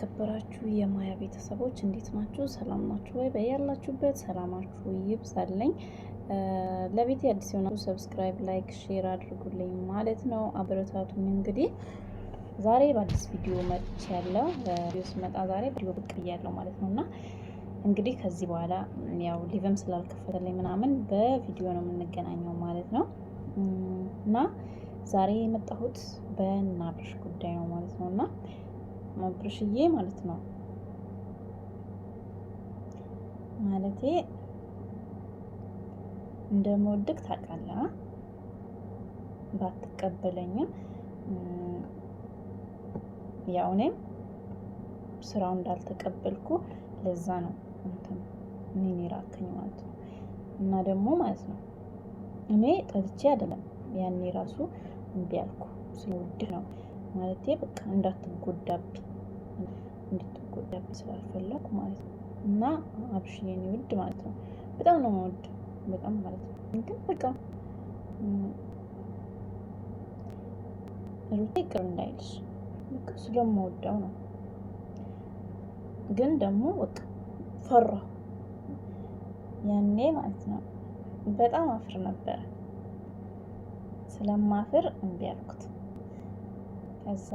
የተከበራችሁ የማያ ቤተሰቦች እንዴት ናችሁ? ሰላም ናችሁ ወይ? በያላችሁበት ሰላማችሁ ይብዛልኝ። ለቤት አዲስ የሆናችሁ ሰብስክራይብ፣ ላይክ፣ ሼር አድርጉልኝ ማለት ነው። አበረታቱኝ። እንግዲህ ዛሬ በአዲስ ቪዲዮ መጥቼ ያለው ቪዲዮ ስመጣ ዛሬ ቪዲዮ ብቅ ብያለሁ ማለት ነው እና እንግዲህ ከዚህ በኋላ ያው ሊቭም ስላልከፈተልኝ ምናምን በቪዲዮ ነው የምንገናኘው ማለት ነው እና ዛሬ የመጣሁት በናብርሽ ጉዳይ ነው ማለት ነው እና መብርሽዬ ማለት ነው። ማለቴ እንደምወድቅ ታውቃለህ። ባትቀበለኝም ያው እኔም ስራው እንዳልተቀበልኩ ለዛ ነው እንትን እኔን የራከኝ ማለት ነው። እና ደግሞ ማለት ነው እኔ ጠልቼ አይደለም ያኔ ራሱ እምቢ አልኩ ስወድህ ነው። ማለቴ በቃ እንዳትጎዳብኝ እንድትጎዳብኝ ስላልፈለግ ማለት ነው። እና አብሽ የኔ ውድ ማለት ነው በጣም ነው ውድ በጣም ማለት ነው። ግን በቃ ሩቴ ቅር እንዳይልሽ በቃ ስለምወደው ነው። ግን ደግሞ በቃ ፈራ ያኔ ማለት ነው። በጣም አፍር ነበረ። ስለማፍር እምቢ አልኩት። ከዛ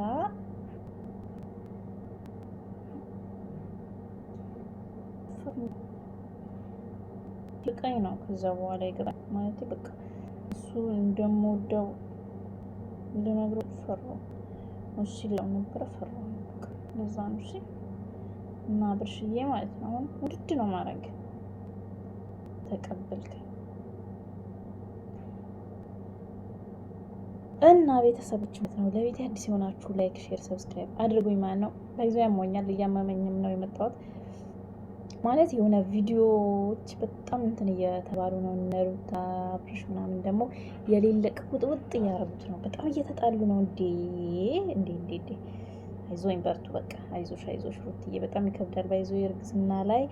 ልቃኝ ነው። ከዛ በኋላ ይገባል ማለት በቃ እሱ እንደምወደው ልነግረው ፈራሁ። እሺ ለው ነበረ ፈራሁ። ለዛ ነው እሺ እና ብርሽዬ ማለት ነው። አሁን ውድድ ነው ማድረግ ተቀበልከኝ እና ቤተሰቦች ምት ነው ለቤት አዲስ የሆናችሁ ላይክ፣ ሼር፣ ሰብስክራይብ አድርጉኝ ማለት ነው። ለጊዜው ያሞኛል እያመመኝም ነው የመጣሁት ማለት የሆነ ቪዲዮዎች በጣም እንትን እየተባሉ ነው። እነ አብርሽ ምናምን ደግሞ የሌለ ቅውጥውጥ እያረጉት ነው። በጣም እየተጣሉ ነው። እንዴ እንዴ እንዴ እንዴ! አይዞኝ በርቱ፣ በቃ አይዞሽ አይዞሽ ሩትዬ፣ በጣም ይከብዳል። ባይዞ የእርግዝና ላይ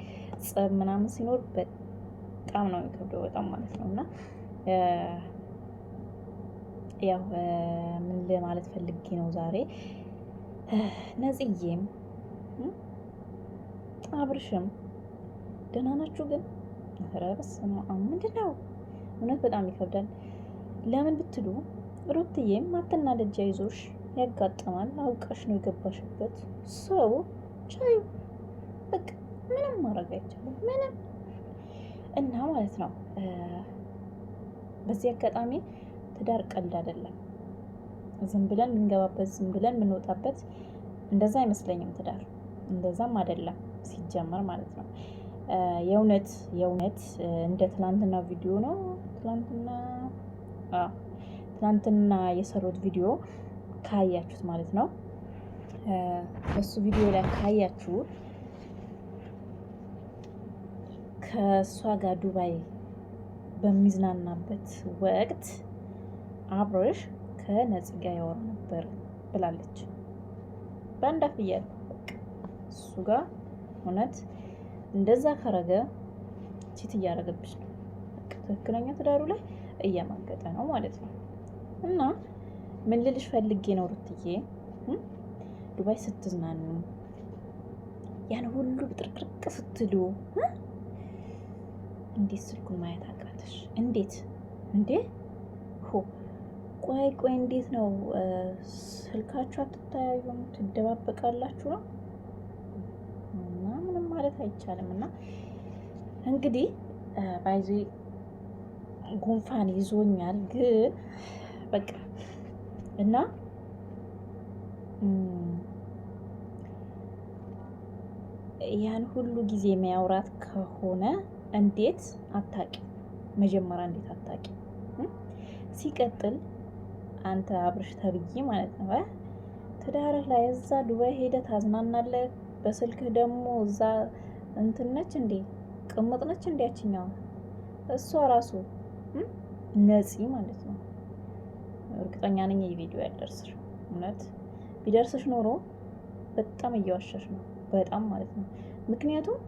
ጸብ ምናምን ሲኖር በጣም ነው የሚከብደው፣ በጣም ማለት ነው እና ያው ምን ለማለት ፈልጌ ነው ዛሬ ነጽዬም አብርሽም ደህና ናችሁ ግን ረበስ ምንድን ነው እውነት በጣም ይከብዳል ለምን ብትሉ ሩትዬም ማትና ለጃ ይዞሽ ያጋጥማል አውቀሽ ነው የገባሽበት ሰው ቻዩ በቃ ምንም ማድረግ አይቻልም ምንም እና ማለት ነው በዚህ አጋጣሚ ትዳር ቀልድ አይደለም። ዝም ብለን ምንገባበት ዝም ብለን የምንወጣበት እንደዛ አይመስለኝም። ትዳር እንደዛም አይደለም ሲጀመር ማለት ነው። የእውነት የእውነት እንደ ትናንትና ቪዲዮ ነው ትናንትና ትናንትና የሰሩት ቪዲዮ ካያችሁት ማለት ነው። በሱ ቪዲዮ ላይ ካያችሁ ከእሷ ጋር ዱባይ በሚዝናናበት ወቅት አብሮሽ ከነጽጋ ጋ ነበር ብላለች። በአንድ አፍ እያለ እሱ ጋር እውነት እንደዛ ካረገ ቺት እያረገብሽ ነው። ትክክለኛ ትዳሩ ላይ እያማገጠ ነው ማለት ነው። እና ምን ልልሽ ፈልጌ ነው ሩትዬ፣ ዱባይ ስትዝናኑ ያን ሁሉ ብጥርቅርቅ ስትሉ እንዴት ስልኩን ማየት አቃተሽ? እንዴት እንዴ ሆ ቆይ ቆይ እንዴት ነው ስልካችሁ አትተያዩም? ትደባበቃላችሁ ነው እና ምንም ማለት አይቻልም። እና እንግዲህ ባይዚ ጉንፋን ይዞኛል ግን በቃ እና ያን ሁሉ ጊዜ የሚያውራት ከሆነ እንዴት አታቂ መጀመሪያ እንዴት አታቂ ሲቀጥል አንተ አብርሽ ተብዬ ማለት ነው። ትዳርህ ላይ እዛ ዱባይ ሄደ ታዝናናለህ። በስልክህ ደግሞ እዛ እንትን ነች እንዴ ቅምጥ ነች እንዲያችኛዋ እሷ ራሱ ነፂ ማለት ነው። እርግጠኛ ነኝ ቪዲዮ ያደርስሽ እውነት ቢደርስሽ ኖሮ በጣም እየዋሸሽ ነው፣ በጣም ማለት ነው። ምክንያቱም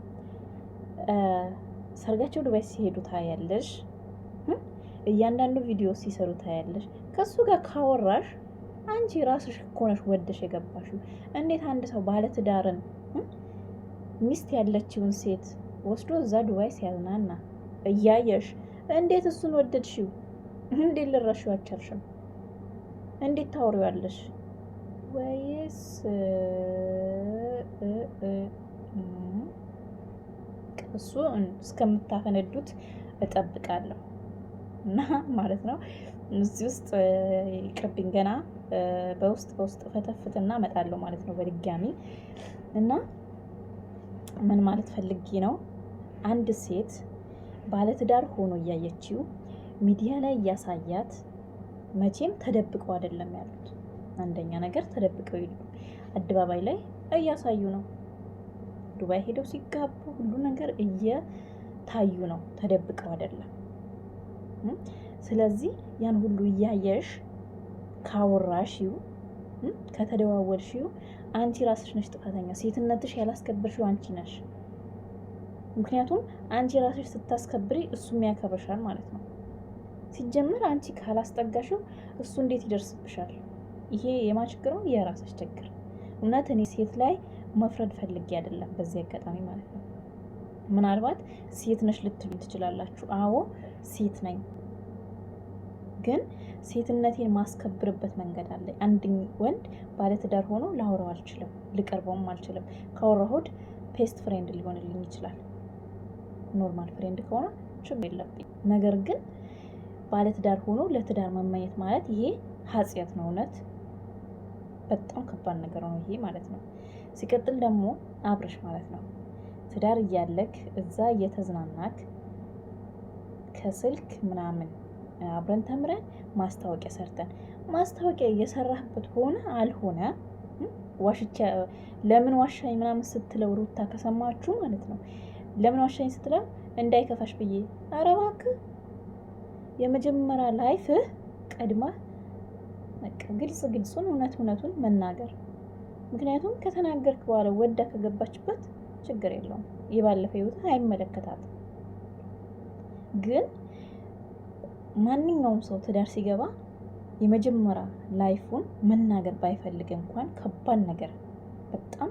ሰርጋቸው ዱባይ ሲሄዱ ታያለሽ። እያንዳንዱ ቪዲዮ ሲሰሩ ታያለሽ። ከሱ ጋር ካወራሽ አንቺ ራስሽ እኮ ነሽ ወደሽ የገባሽው። እንዴት አንድ ሰው ባለትዳርን ሚስት ያለችውን ሴት ወስዶ እዛ ዱባይ ሲያዝናና እያየሽ እንዴት እሱን ወደድሽው? እንዴት ልረሽው አቻልሽም እንዴት ታወሪዋለሽ? ወይስ እሱ እስከምታፈነዱት እጠብቃለሁ። እና ማለት ነው እዚህ ውስጥ ይቅርብኝ ገና በውስጥ በውስጥ ፈተፍትና እመጣለሁ ማለት ነው በድጋሚ እና ምን ማለት ፈልጌ ነው አንድ ሴት ባለትዳር ሆኖ እያየችው ሚዲያ ላይ እያሳያት መቼም ተደብቀው አይደለም ያሉት። አንደኛ ነገር ተደብቀው ይሉ አደባባይ ላይ እያሳዩ ነው። ዱባይ ሄደው ሲጋቡ ሁሉ ነገር እየታዩ ነው። ተደብቀው አይደለም። ስለዚህ ያን ሁሉ እያየሽ ካወራሽው ከተደዋወልሽው አንቺ ራስሽ ነሽ ጥፋተኛ። ሴትነትሽ ያላስከበርሽው አንቺ ነሽ። ምክንያቱም አንቺ ራስሽ ስታስከብሪ እሱም ያከብርሻል ማለት ነው። ሲጀምር አንቺ ካላስጠጋሽው እሱ እንዴት ይደርስብሻል? ይሄ የማን ችግር ነው? የራስሽ ችግር። እውነት እኔ ሴት ላይ መፍረድ ፈልጌ አይደለም፣ በዚህ አጋጣሚ ማለት ነው። ምናልባት ሴት ነሽ ልትሉኝ ትችላላችሁ። አዎ ሴት ነኝ፣ ግን ሴትነቴን ማስከብርበት መንገድ አለ። አንድ ወንድ ባለትዳር ሆኖ ላወራው አልችልም፣ ልቀርበውም አልችልም። ካወራሁት ፔስት ፍሬንድ ሊሆንልኝ ይችላል። ኖርማል ፍሬንድ ከሆነ ችግር የለብኝ። ነገር ግን ባለትዳር ሆኖ ለትዳር መመኘት ማለት ይሄ ኃጢአት ነው። እውነት በጣም ከባድ ነገር ነው ይሄ ማለት ነው። ሲቀጥል ደግሞ አብረሽ ማለት ነው ትዳር እያለክ እዛ እየተዝናናክ ከስልክ ምናምን አብረን ተምረን ማስታወቂያ ሰርተን ማስታወቂያ እየሰራህበት ሆነ አልሆነ ዋሽቻ ለምን ዋሻኝ ምናምን ስትለው ሩታ ከሰማችሁ ማለት ነው። ለምን ዋሻኝ ስትለው እንዳይከፋሽ ብዬ ኧረ እባክህ የመጀመሪያ ላይፍህ ቀድማ ግልጽ ግልጹን እውነት እውነቱን መናገር። ምክንያቱም ከተናገርክ በኋላ ወዳ ከገባችበት ችግር የለውም የባለፈ ህይወት አይመለከታትም። ግን ማንኛውም ሰው ትዳር ሲገባ የመጀመሪያ ላይፉን መናገር ባይፈልግ እንኳን ከባድ ነገር በጣም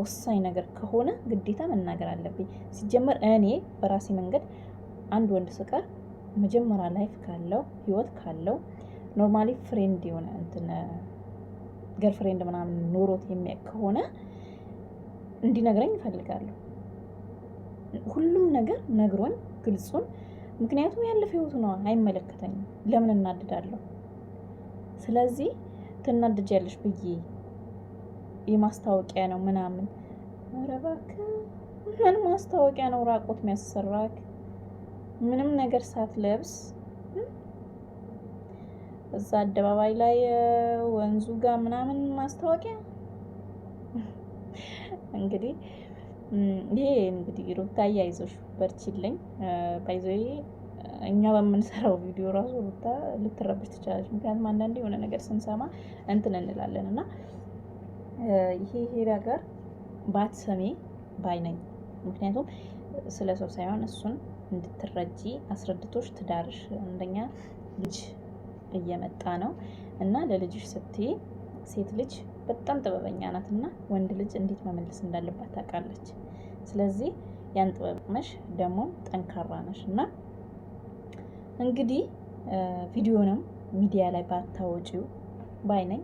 ወሳኝ ነገር ከሆነ ግዴታ መናገር አለብኝ። ሲጀመር እኔ በራሴ መንገድ አንድ ወንድ ስቀር መጀመሪያ ላይፍ ካለው ህይወት ካለው ኖርማሊ ፍሬንድ የሆነ እንትን ገርፍሬንድ ምናምን ኖሮት የሚያውቅ ከሆነ እንዲነግረኝ እፈልጋለሁ። ሁሉም ነገር ነግሮን ግልጹን። ምክንያቱም ያለፈ ህይወቱ ነው፣ አይመለከተኝም። ለምን እናድዳለሁ? ስለዚህ ትናድጃለሽ ብዬ የማስታወቂያ ነው ምናምን። ኧረ እባክህ ምን ማስታወቂያ ነው ራቆት የሚያሰራክ? ምንም ነገር ሳትለብስ እዛ አደባባይ ላይ ወንዙ ጋር ምናምን ማስታወቂያ እንግዲህ ይሄ እንግዲህ ሩታ አያይዞሽ በርችልኝ። ባይዞዬ እኛ በምንሰራው ቪዲዮ ራሱ ሩታ ልትረብሽ ትችላለች። ምክንያቱም አንዳንዴ የሆነ ነገር ስንሰማ እንትን እንላለን እና ይሄ ይሄ ነገር ባትሰሜ ባይነኝ። ምክንያቱም ስለ ሰው ሳይሆን እሱን እንድትረጂ አስረድቶች ትዳርሽ አንደኛ ልጅ እየመጣ ነው እና ለልጅሽ ስትይ ሴት ልጅ በጣም ጥበበኛ ናት እና ወንድ ልጅ እንዴት መመለስ እንዳለባት ታውቃለች። ስለዚህ ያን ጥበብ ነሽ፣ ደግሞም ጠንካራ ነሽ እና እንግዲህ ቪዲዮንም ሚዲያ ላይ ባታወጪው ባይ ነኝ።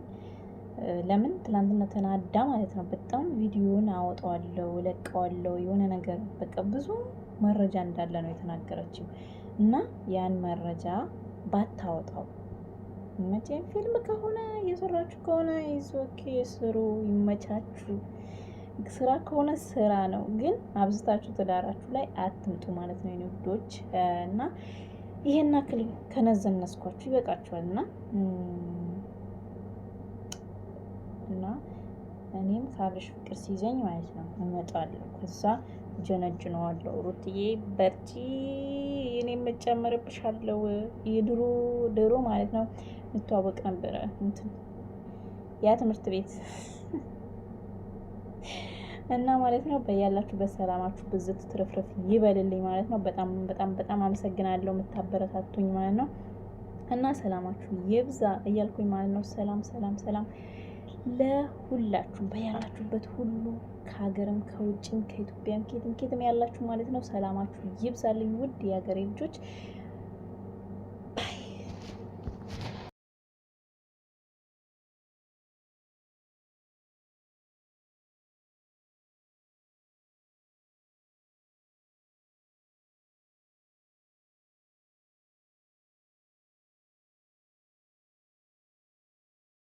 ለምን ትላንትና ተናዳ ማለት ነው። በጣም ቪዲዮን አወጣዋለሁ፣ እለቀዋለሁ የሆነ ነገር በቃ ብዙ መረጃ እንዳለ ነው የተናገረችው እና ያን መረጃ ባታወጣው መቼም ፊልም ከሆነ እየሰራችሁ ከሆነ ይዞኬ ስሩ፣ ይመቻችሁ። ስራ ከሆነ ስራ ነው፣ ግን አብዝታችሁ ትዳራችሁ ላይ አትምጡ ማለት ነው ውዶች። እና ይሄን አክል ከነዘነስኳችሁ ይበቃችኋል እና እና እኔም ሳብሽ ፍቅር ሲይዘኝ ማለት ነው እመጣለሁ። ከዛ ጀነጅነዋለሁ። ሩትዬ በርቺ፣ እኔ እጨምርብሻለሁ። የድሮ ድሮ ማለት ነው እንተዋወቅ ነበረ እንትን ያ ትምህርት ቤት እና ማለት ነው በያላችሁ በሰላማችሁ ብዝት ትርፍርፍ ይበልልኝ ማለት ነው። በጣም በጣም በጣም አመሰግናለሁ የምታበረታቱኝ ማለት ነው። እና ሰላማችሁ ይብዛ እያልኩኝ ማለት ነው። ሰላም ሰላም ሰላም። ለሁላችሁም በያላችሁበት ሁሉ ከሀገርም ከውጭም ከኢትዮጵያም ኬትም ኬትም ያላችሁ ማለት ነው ሰላማችሁ ይብዛልኝ ውድ የሀገሬ ልጆች።